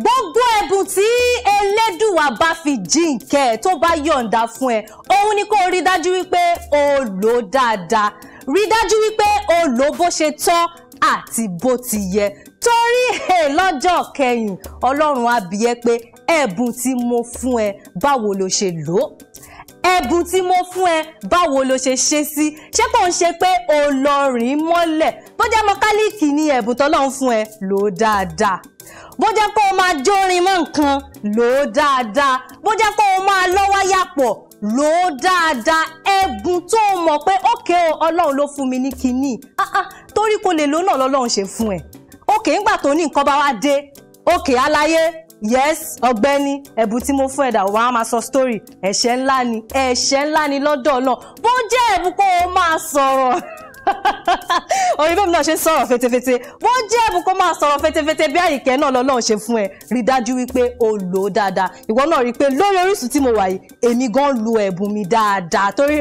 gbogbo ẹ̀bùn tí elédùwà bá fi jíǹkẹ́ ẹ̀ tó bá yọ̀ǹda fún ẹ òun ni kó rí dájú wípé o lò ó dáadáa rí dájú wípé o lò ó bó ṣe tọ́ àti bó ti yẹ torí ẹ lọ́jọ́ kẹyìn ọlọ́run á bi ẹ́ pé ẹ̀bùn tí mo fún ẹ báwo lo ṣe lò ó ẹ̀bùn tí mo fún ẹ báwo ló ṣe ṣe sí ṣé kò ń ṣe pé o lọ rìn mọ́lẹ̀ bó jẹ́ mọkálíìkì ni ẹ̀bùn tọ́lọ́run fún ẹ lò ó dáadáa bó jẹ́ kó o máa jórin mọ́ nǹkan lò dáadáa bó jẹ́ kó o máa lọ́wọ́ yàpọ̀ lò ó dáadáa ẹ̀bùn tó o mọ̀ pé ókè o ọlọ́run ló fún mi ní kinní torí kò lè lò náà lọ́lọ́run ṣe fún ẹ òkè ńgbà tó ní nǹkan bá wá dé òkè aláyé yes ọ̀gbẹ́ni ẹ̀bùn tí mo fún wa wàá máa sọ story ẹ̀ṣẹ̀ ńlá ni ẹ̀ṣẹ̀ ńlá ni lọ́dọ̀ náà bó jẹ́ ẹ̀bùn kó o máa sọ̀rọ̀ orí bẹ́ẹ̀ mi náà ṣe ń sọ̀rọ̀ fetefete wọ́n jẹ́ ẹ̀bùn kó máa sọ̀rọ̀ fetefete bí àyíkẹ́ náà lọ́lọ́run ṣe fún ẹ rí dájú wípé o lò ó dáadáa ìwọ náà rí i pé lórí Orísun tí mo wà yìí èmi gan lu ẹ̀bùn mi dáadáa torí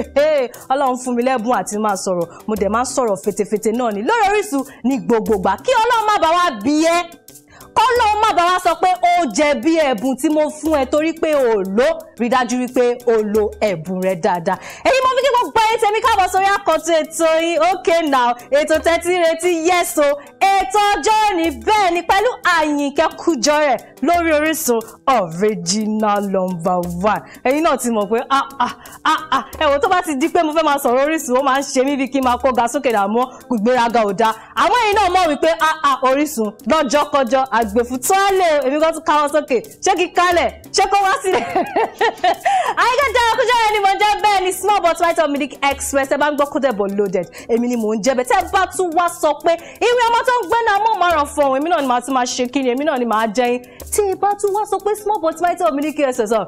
ọlọ́run fún mi lẹ́bùn àti máa sọ̀rọ̀ mo dẹ̀ máa sọ̀rọ̀ fetefete náà ni lórí Orísun ní gbogbogbà kí ọlọ́run má bá wa bí ẹ́ kọ́lọ́ má bá wa sọ pé ó jẹ̀bi ẹ̀bùn tí mo fún ẹ torí pé o ò lò rí dájú wípé o lo ẹ̀bùn rẹ dáadáa èyí mo fi kí gbogbo ẹ̀yin tèmi káàbọ̀ sórí àkọ́tún ètò yín okay now ètò tẹ́tí retí yẹ́so ètò ọjọ́ òní bẹ́ẹ̀ ni pẹ̀lú Àyìnkẹ́ Kújọrẹ̀ lórí Orísun original number one ẹ̀yin náà ti mọ̀ pé ah ah ah ah ẹ̀wọ̀n tó bá ti di pé mo fẹ́ máa sọ̀rọ̀ Orísun ó máa ń ṣe mí bí kí n máa kó ga sókè dààmú ìgbéraga ò dáa àmọ́ ẹ̀yin náà mọ̀ wípé ah ah Orísun lọ́jọ́ kọjọ́ àgbèfù tọ́lẹ̀ èmi kan tún káwọ́ sókè ṣé kí kálẹ̀ ṣé kó wá sílẹ̀ Àyìnkẹ́ Kújọrẹ̀ ni mo jẹ́ bẹ́ẹ̀ ni small but white Dominic Express ẹ bá ń gbọ́ kódẹ̀bọ̀ loaded èmi ni mò ń jẹ́ bẹ́ẹ̀ tẹ́ bá tún wá sọ pé ìwé ọmọ tó ń gbẹ́ náà mọ̀ márùn fún òun èmi náà ni màá tún máa ṣe kiri èmi náà ni màá jẹ́yìn tí ì bá tún wá sọ pé small but mighty Dominic Express ọ̀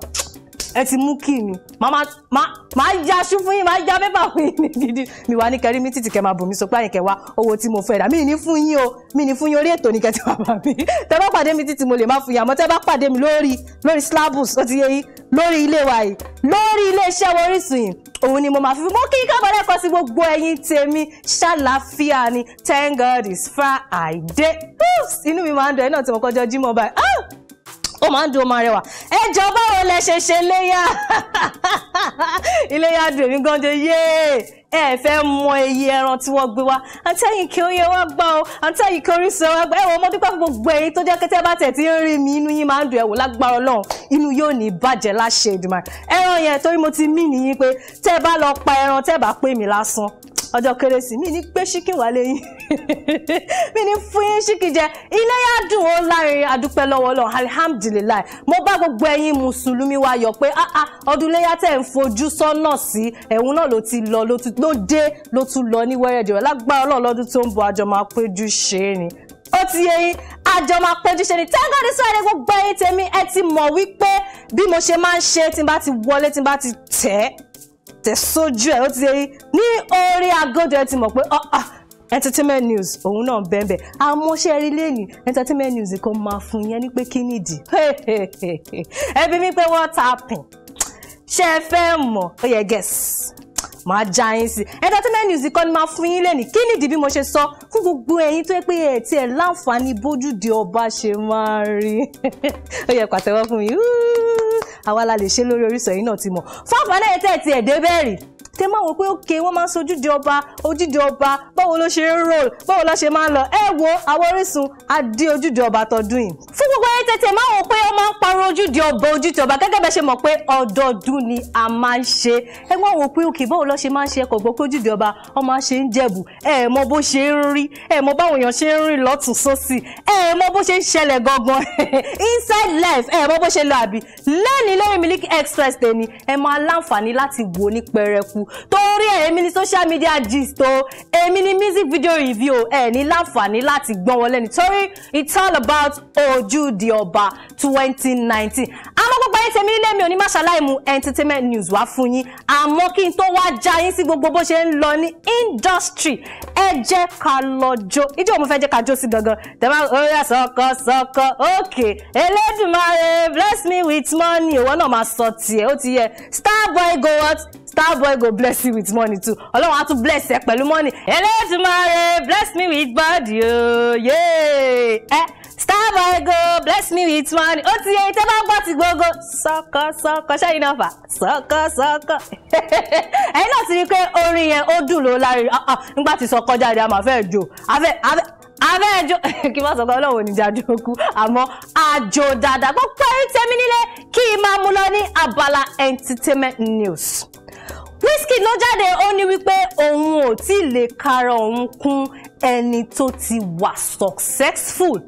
ẹ ti mú kí ni màá já aṣú fún yín màá já pépà fún yín gidi mi wá ní kẹrí mi títí kẹ máa bù sọ pé àyìnkẹ wá owó tí mo fẹ́ rà mí ní fún yín o mí ní fún yín orí ètò ní kẹtì bàbá mi tẹ bá pàdé mi títí mo lè má fún yín àmọ́ tẹ bá pàdé mi lórí lórí slabus ó ti yé yín lórí ilé wa yìí lórí ilé iṣẹ́ Orísun yìí òun ni mo máa fi mú kí kábọ̀ lẹ́kọ̀ọ́ sí gbogbo ẹ̀yin tèmi ṣàlàáfíà ni thank God is Friday inú mi máa ń dọ̀ ẹ́ náà tí mo kọjọ́ jímọ̀ báyìí. Ah! ó máa ń dùn ó máa rẹwà ẹ jọ báwo lẹ ṣe ṣe léyà iléyà dùn èmi gan yéé ẹ fẹ́ mọ iye ẹran tí wọ́n gbé wá àtẹ̀yìn kí oyin wá gbọ́ ọ àtẹ̀yìn kí Orísun wá gbọ́ ẹ wọ ọmọ dúpẹ́ gbogbo ẹ̀yin tó jẹ́ kẹ́tẹ́ bá tẹ̀ tí ń rí mi inú yín máa ń dùn ẹ̀ lágbára Ọlọ́run inú yóò ní bàjẹ́ láṣẹ Èdùmàrè ẹran yẹn torí mo ti mí nìyí pé tẹ́ bá lọ pa ẹran tẹ́ bá pè mí lásán ọjọ́ kérésì mi ní pé ṣíkìn wà lẹ́yìn mi ní fún yín ṣíkìn jẹ iléyà dùn ó láàrin adúpẹ́ lọ́wọ́ lọ alihamdulilayi mo bá gbogbo ẹ̀yin mùsùlùmí wa yọ̀ pé ah ah ọdún iléyà tẹ̀ ń fojú sọ́nà sí ẹ̀hún náà ló ti lọ ló dé ló tún lọ ní wẹ́rẹ́dẹ̀rẹ́ lágbára ọlọ́ọ̀lọ́dún tó ń bọ̀ àjọ máa péjú ṣe é ni ó ti yẹ yín àjọ máa péjú ṣe ni thank God sọ́ọ̀rẹ́ gbogbo ẹ̀yin tèmi ẹ ti mọ̀ wípé bí mo ṣe máa ń ṣe tí n bá ti wọlé tí n bá ti tẹ̀ tẹ̀ sójú ẹ̀ ó ti rí ní orí agodo ẹ ti mọ̀ pé ah, ah, entertainment news òun náà bẹ́ẹ̀bẹ́ẹ̀ àmọ́ṣẹ́ rí lẹ́nu entertainment news kò máa fún yẹn ní pé kí nìdí ẹbí mi pé what happen ṣé ẹ fẹ́ mọ̀ ó yẹ guess máa já yín sí entertainment news kọ́ ni máa fún yín lẹ́nìí kí nìdí bí mo ṣe sọ fún gbogbo ẹ̀yin tó yẹ pé ẹ̀ tiẹ̀ láǹfààní bójúde ọba ṣe máa rí ó yẹ pàtẹ́wọ́ fún mi àwa la lè ṣe lórí Orísun ẹ̀yin náà ti mọ̀ fáfọ́nà ètò ti ẹ̀ dé rí kẹ máa wò pé òkè wọ́n máa ń sojúde ọba ojúde ọba báwo ló ṣe ń roll báwo ló ṣe máa lọ ẹ wo àwọn Orísun adé ojúde ọba tọdún yìí. fún gbogbo ayé tètè máa wò pé ó máa ń parọ́ ojúde ọba ojúde ọba gẹ́gẹ́ bẹ́ẹ̀ ṣe mọ̀ pé ọdọọdún ni a máa ń ṣe ẹ máa wò pé òkè báwo ló ṣe máa ń ṣe ẹkọ̀ gbọ́ pé ojúde ọba ọ máa ṣe ń jẹ̀bù ẹ mọ bó ṣe ń rí ẹ mọ báwọn èèyàn ṣe ń rìn lọ́tún inside life ẹ mọ bó ṣe lọ àbí lẹ́ni lórí Miliki Express tèmi ẹ máa YouTube torí ẹ̀ èmi ni social media gist o èmi ni music video review ẹ̀ ní láǹfààní láti gbọ́n wọlé nítorí it's all about Ojúde Ọba 2019 àmọ́ gbogbo ayé tèmi nílé mi ò ní má ṣàlàyé mu entertainment news wá fún yín àmọ́ kí n tó wá já yín sí gbogbo bó ṣe ń lọ ní industry ẹ jẹ́ ká lọ jó ijó mo fẹ́ jẹ́ ká jó sí gangan tẹ̀wá oya sọkọ sọkọ òkè Elédùmarè bless me with money ìwọ náà máa sọ tiẹ̀ ó ti yẹ Starboy go out Star boy go bless you with money too ọlọ́run á tún bless ẹ pẹ̀lú money elédùmarè bless me with body oh, Yeah, eh. Star boy go bless me with money ó ti yẹ ìtẹ́ bá gbọ́ ti gbogbo sọ́kọ sọ́kọ ṣẹ́yìn náà fà sọ́kọ sọ́kọ ẹ̀yin náà ti rí i pé orin yẹn ó dùn ló lárí ah, ah, nígbà tí sọ kọjá a màá fẹ́ jò àfẹ́ àfẹ́ abẹ́ẹ̀jọ́ kí wọ́n sọ pé ọlọ́run ò ní jáde okú àmọ́ àjò dáadáa gbọ́ pẹ́ẹ́rẹ́ tẹ́mi nílé kí n máa mú lọ ní abala entertainment news. Wizkid ló jáde ó ní wípé òun ò tí lè kara òun kún ẹni tó ti wà successful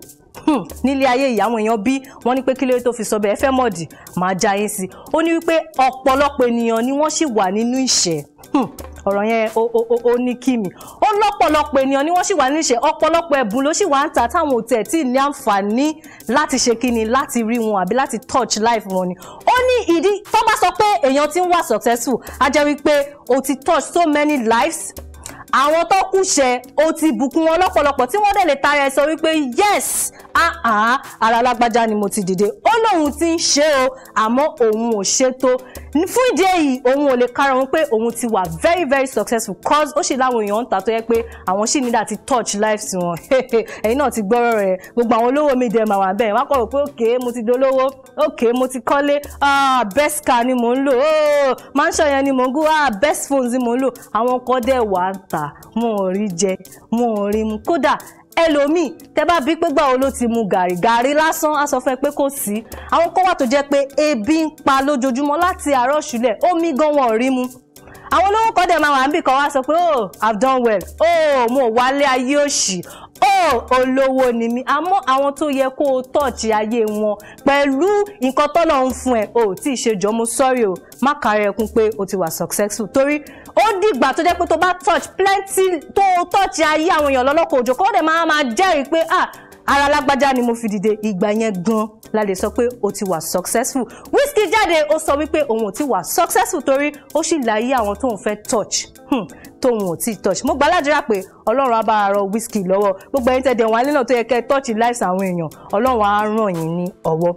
hmm, nílé ayé ìyàwó èèyàn bí wọ́n ní pé kí lóye tó fi sọ bẹ́ẹ̀ fẹ́ mọ̀dì máa já yín sí i ó ní wípé ọ̀pọ̀lọpọ̀ ènìyàn ni wọ́n sì wà nínú ìṣẹ́ hmm, ọ̀rọ̀ yẹn ó ní kí mi ó lọ́pọ̀lọpọ̀ ènìyàn ni wọ́n sì wà níṣe ọ̀pọ̀lọpọ̀ ẹ̀bùn ló sì wà ń ta táwọn òtẹ̀ tí ní àǹfààní láti ṣe kí ni láti rí wọn àbí láti touch life wọn ni ó ní ìdí tó bá sọ pé èèyàn ti ń wà successful á jẹ́ wípé o ti touch so many lives àwọn tó kúṣẹ̀ o ti bùkún wọn lọ́pọ̀lọpọ̀ tí wọ́n dẹ̀ lè tara ẹ̀ sọ wípé yes áà ah, ah, ara lágbájá ni mo ti dìde ó lóun ti ń ṣe o àmọ́ òun ò ṣe tó fún ìdí èyí òun ò lè kára òun pé òun ti wà very very successful cause ó sì láwọn èèyàn ń ta tó yẹ pé àwọn sì nílà ti touch lives wọn ẹ̀yin náà ti gbọ́rọ̀ rẹ̀ gbogbo àwọn olówó mi dẹ̀ màwà bẹ́ẹ̀ wọ́n á kọ̀ rò pé òkè mo ti dolówó òkè mo ti kọ́lé ah, best car ni mò ń lò oh, mansion yẹn ni mò ń gún best phones ni mò ń lò àwọn ọkọ̀ dẹ̀ wà ń tà wọn ò rí jẹ wọn ò rí mu kódà ẹlòmíì tẹ bá bí pé gbàwo ló ti mu gàrí gàrí lásán á sọ fún ẹ pé kò sí àwọn kan wà tó jẹ́ pé ebi ń pa lójoojúmọ́ láti àárọ̀ ṣúlẹ̀ omi gan wọn ò rí mu àwọn olówó kan dẹ̀ máa wà níbì kan wá sọ pé oh i've done well oh mo wálé ayé òṣì oh olówó ni mi. àmọ́ àwọn tó yẹ kó o tọ́ọ̀chì ayé wọn pẹ̀lú nǹkan tọ́lọ̀ ń fún ẹ o tí ṣe jọmọ sọ́rí o má kàárẹ̀ kún pé o ti wà successful torí ó dìgbà tó jẹ́ pé tó bá touch plenty tó touch ayé àwọn èèyàn lọ́lọ́kọ̀ òjò kó dẹ̀ máa máa jẹ́rìí pé ah ara lágbájá ni mo fi dìde ìgbà yẹn gan la lè sọ pé o ti wà successful Wizkid jáde ó sọ wípé òun ò ti wà successful torí ó sì láyé àwọn tóun fẹ́ touch hmm, tóun ò tí touch mo gbàládùra pé ọlọ́run á bá a rọ Wizkid lọ́wọ́ gbogbo ẹ̀yin tẹ̀dẹ̀ wọn alẹ́ náà tó yẹ kẹ́ touch lives àwọn èèyàn ọlọ́run á ràn yín ní ọwọ́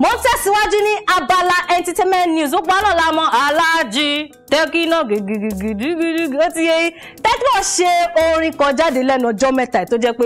mo ń tẹ̀síwájú ní abala entertainment news ó pa náà la mọ aláàjì tẹ́kínà gidigidigidi ó ti yẹ tẹ́kínà ṣe orin kan jáde lẹ́nu ọjọ́ mẹ́ta tó jẹ́ pé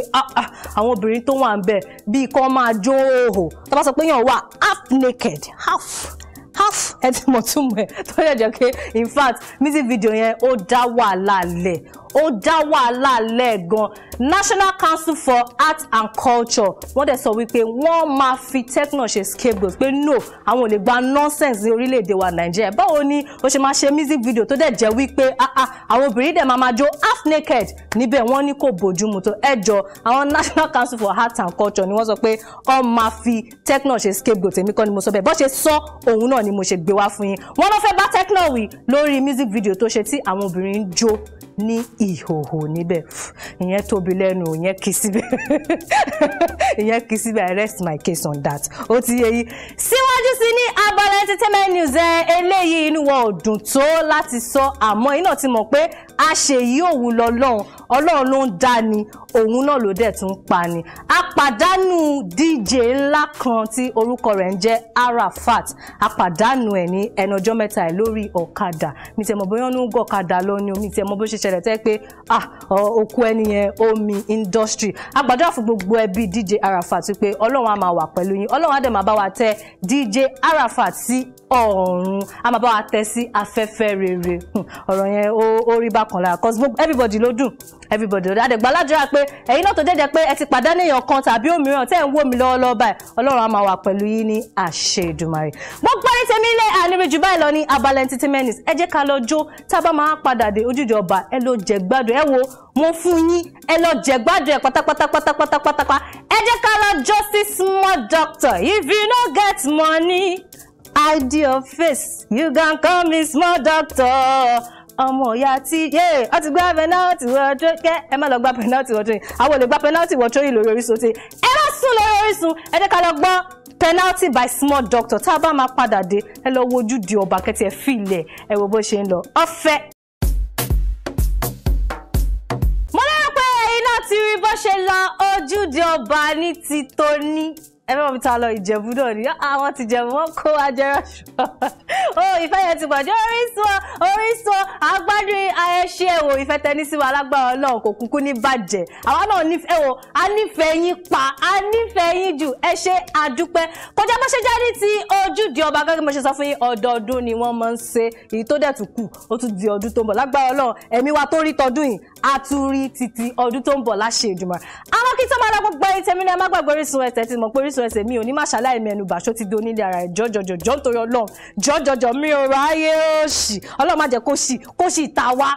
àwọn obìnrin tó wà ń bẹ̀ bíi kan máa jó òhò tó bá sọ pé yàn wà half naked half half ẹ ti mọ̀ túmọ̀ ẹ̀ tó yẹ jẹ́ pé in fact music video yẹn ó dá wàhálà lẹ̀ ó dá wàhálà lẹ́ẹ̀gan National Council for Art and Culture wọ́n dẹ̀ sọ wípé wọ́n máa fi techno ṣe scapegoat pé no àwọn ò lè gba nonsense ní orílẹ̀-èdè wa Nàìjíríà báwo ni ó ṣe máa ṣe music video tó dẹ̀ jẹ́ wípé ah, ah, àwọn obìnrin dẹ̀ máa máa jó half naked níbẹ̀ wọ́n ní kò bójúmu tó ẹjọ́ àwọn National Council for Art and Culture ni wọ́n sọ pé wọ́n máa fi techno ṣe scapegoat èmi kọ́ ni mo sọ bẹ́ẹ̀ bọ́ ṣe sọ òun náà ni mo ṣe gbé wá fún yín wọ́n lọ fẹ́ bá Tekno wí lórí music video tó ṣe tí àwọn obìnrin ń jó ní ìhòhò níbẹ̀ ìyẹn tóbi lẹ́nu ìyẹn kì í síbẹ̀ ìyẹn kì í síbẹ̀ I rest my case on that ó ti yẹ yìí síwájú sí ní abala entertainment news ẹ eléyìí inú wọn ò dùn tó láti sọ àmọ́ iná ti mọ̀ pé a ṣe yí òun lọ́lọ́run ọlọ́run ló ń dá ni òun náà ló dẹ̀ tún pa ni a pàdánù DJ ńlá kan tí orúkọ rẹ̀ ń jẹ́ Arafat a pàdánù ẹ̀ ní ẹnọjọ́ mẹ́ta ẹ̀ lórí ọ̀kadà mi tẹ̀ mọ̀ bóyá ó ń gọ̀kadà lọ ni omi tẹ̀ mọ̀ bó ṣe ṣe ṣẹlẹ̀ tẹ́ pé ah òkú ẹni yẹn omi industry àgbàdúrà fún gbogbo ẹbí DJ Arafat pé ọlọ́run á máa wà pẹ̀lú yín ọlọ́run á dẹ̀ máa bá wa tẹ DJ Arafat sí ọ̀run a máa bá wa tẹ sí afẹ́fẹ́ rere hmm, ọ̀rọ̀ yẹn ó rí bákan lára cause gbogbo everybody ló dùn everybody ló dùn àdègbà aládùúrà pé ẹ̀yin náà tó jẹ́jẹ́ pé ẹ ti pàdánù èèyàn kan tàbí òmíràn tẹ́ ń wò mí lọ́wọ́lọ́wọ́ báyìí ọlọ́run á máa wà pẹ̀lú yín ní àṣẹ ìdùmarè gbogbo ẹni tẹ́mi ilé àníbi jù báyìí lọ ní abala entertainment ẹ jẹ́ ká lọ jó tá a bá máa padà dé ojújọ ọba ẹ lọ jẹ gbádùn ẹ wo mo fún yín ẹ lọ jẹ gbádùn ẹ pátápátá pátápátá pátápátá ẹ jẹ́ ká lọ jó sí small doctor if you no get money I your face. You can call me small doctor. ọmọ ìyá tí yé ọ ti gba penalty wọjọ kẹ ẹ má lọ gba penalty wọjọ yìí àwọn olè gba penalty wọjọ yìí lórí Orísun ti ẹ má sùn lórí Orísun ẹ jẹ́ ká lọ gbọ́ penalty by small doctor tá a bá máa padà dé ẹ lọ wojú di ọba kẹtì ẹ fi ilẹ̀ ẹ wo bó ṣe ń lọ ọ̀fẹ́ mo lérò pé iná ti rí bó ṣe lọ ojúde ọba ní ti tóní ẹ fẹ́ mọ̀ mi ta lọ ìjẹ̀bú náà ni àwọn ah, ti jẹ̀bú wọn kó ajẹ́rọ̀ ṣùgbọ́n o ìfẹ́ yẹn ti pàdé Orísun Orísun agbádùn ayẹṣẹ́ ẹ̀wò ìfẹ́ tẹni sí wa lágbára Ọlọ́run kò kúkú ní bàjẹ́ àwa náà nífẹ̀ẹ́ ẹ̀wò a nífẹ̀ẹ́ yín pa a nífẹ̀ẹ́ yín jù ẹ ṣe àdúpẹ́ kọjá bó ṣe jáde ti ojúde ọba gẹ́gẹ́ mo ṣe sọ fún yín ọdọọdún ni wọ́n máa ń ṣe èyí tó dẹ̀ tún kù ó tún di ọdún tó ń bọ̀ lágbára Ọlọ́run ẹ̀mí wa tó rí tọdún yìí a tún rí títí ọdún tó ń bọ̀ láṣẹ ìjùmọ̀ àwọn kí tó máa lọ gbogbo ẹ̀yìn tẹ̀mí ni ẹ má gbàgbé Orísun ẹ̀ tẹ̀sí mọ̀ pé Orísun orísun ẹsẹ̀ mi ò ní máa ṣàlàyé mẹ́nubà ṣó ti di onílé ara ẹ̀ jọ́jọ́jọ́jọ́ nítorí ọlọ́run jọ́jọ́jọ́ mi ò ráyè òṣì ọlọ́run má jẹ́ kó ṣì kó ṣì ta wá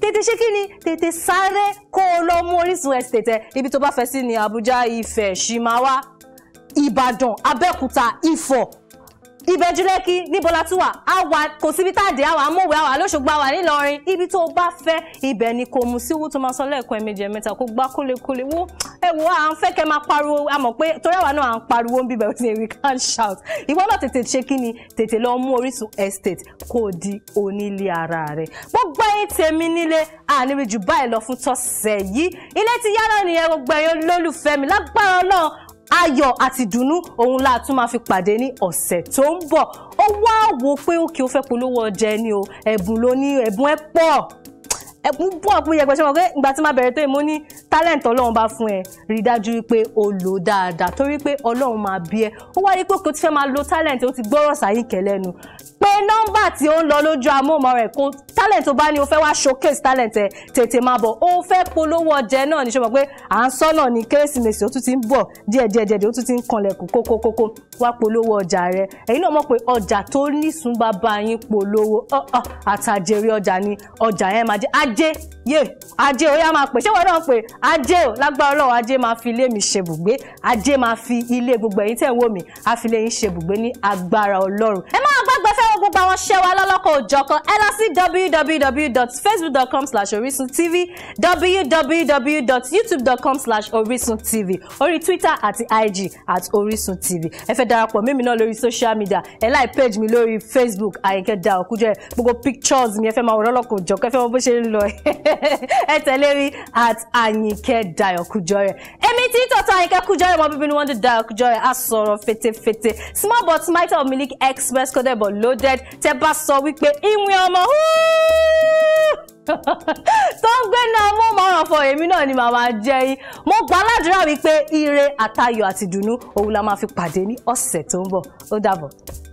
tètè ṣé kí ni tètè sáré kó o lọ mú orísun ẹsẹ̀ tẹ ibi tó bá fẹ́ sí ni Àbújá Ifẹ̀ Ṣìmáwá Ìbàdàn Abẹ́òkúta Ifọ̀ ìbẹ̀júlẹ́kí níbo la tún wà á wà kò síbi táàdì àwà amóhùn àwà lóṣogbo àwà nílọrin ibi tó o bá fẹ́ ibẹ̀ ni kò mú sí owó tó máa sọ lẹ́ẹ̀kan ẹ̀mejì ẹ̀mẹ́ta kó gbá kólékólé wó ẹ à ń fẹ́ kẹ́ máa pariwo a mọ̀ pé torí àwa náà à ń pariwo ń bíbẹ̀ tí we can shout ìwọ náà tètè ṣe kí ni tètè lọ mú Orísun estate kó o di onílé ara rẹ gbogbo ẹ̀yin tèmi nílé àníbi jù báyìí lọ fún tọ́sẹ̀ yìí ilé ti yára nìyẹn gbogbo ẹ̀yin olólùfẹ́ mi lágbára Ọlọ́run ayọ̀ àti ìdùnnú òun la tún máa fi pàdé ní ọ̀sẹ̀ tó ń bọ̀ ó wá wò pé òkè ó fẹ́ polówó ọjà ẹni o ẹ̀bùn ló ní ẹ̀bùn ẹ̀ pọ̀ ẹkún bún àpò yẹpẹ ṣe mọ̀ pé ìgbà tí máa bẹ̀rẹ̀ tó yìí mo ní talent ọlọ́run bá fún ẹ rí dájú pé o lò dáadáa torí pé ọlọ́run máa bí ẹ ó wá pé kò ti fẹ́ máa lo talent ó ti gbọ́rọ̀ sáyé kẹlẹ́nu pé nọ́mbà tí ó ń lọ lójú amóhùnmọ́ rẹ̀ kó talent tó bá ní o fẹ́ wá showcase talent ẹ tètè máa bọ̀ ó fẹ́ polówó ọjẹ́ náà ní ṣe mọ̀ pé à ń sọ́nà ní kérésìmesì ó tún ti ń bọ̀ díẹ̀díẹ̀díẹ̀ ó tún ti ń kanlẹ̀kùn kókókókó wá polówó ọjà rẹ̀ ẹ̀yin náà mọ̀ pé ọjà tó nísun bàbá yín polówó àtàjèrè ọjà ni ọjà yẹn máa jẹ́ ajé yé ajé ó yá máa pè ṣé wọn náà pè ajé o lágbára ọlọ́run ajé máa fi ilé mi ṣe ajé máa fi ilé gbogbo ẹ̀yin tẹ̀ ń wò mí àfilẹ̀ yín ṣe bùgbé ní agbára ọlọ́run ẹ máa gbogbo àwọn ṣẹ́ wa lọ́lọ́kọ̀ òjọ̀kan ẹ lọ sí www.facebook.com slash orisun tv www.youtube.com slash orí twitter àti ig at orisun tv ẹ fẹ́ darapọ̀ mímí náà lórí social media ẹ láì page mi lórí facebook àyìnkẹ́ da òkújẹ́ gbogbo pictures mi ẹ fẹ́ máa wọ lọ́lọ́kọ̀ òjọ̀kan ẹ fẹ́ mọ bó ṣe ń lọ ẹ tẹ̀lé mi at àyìnkẹ́ da òkújọ́rẹ́ èmi tí tọ́tọ́ àyìnkẹ́ kújọ́rẹ́ mọ bíbí ni wọ́n dé da òkújọ́rẹ́ á sọ̀rọ̀ fetefete small but might of milk express kọ́dẹ̀ bọ̀ loaded hundred tẹ bá sọ wípé ìwìn ọmọ tó ń gbé náà mú márùn fọ èmi náà ni màmá jẹ yín mo gbà ládùúrà wípé ire àtayọ̀ àti dùnú òun la máa fi pàdé ní ọ̀sẹ̀ tó ń bọ̀ ó dàbọ̀.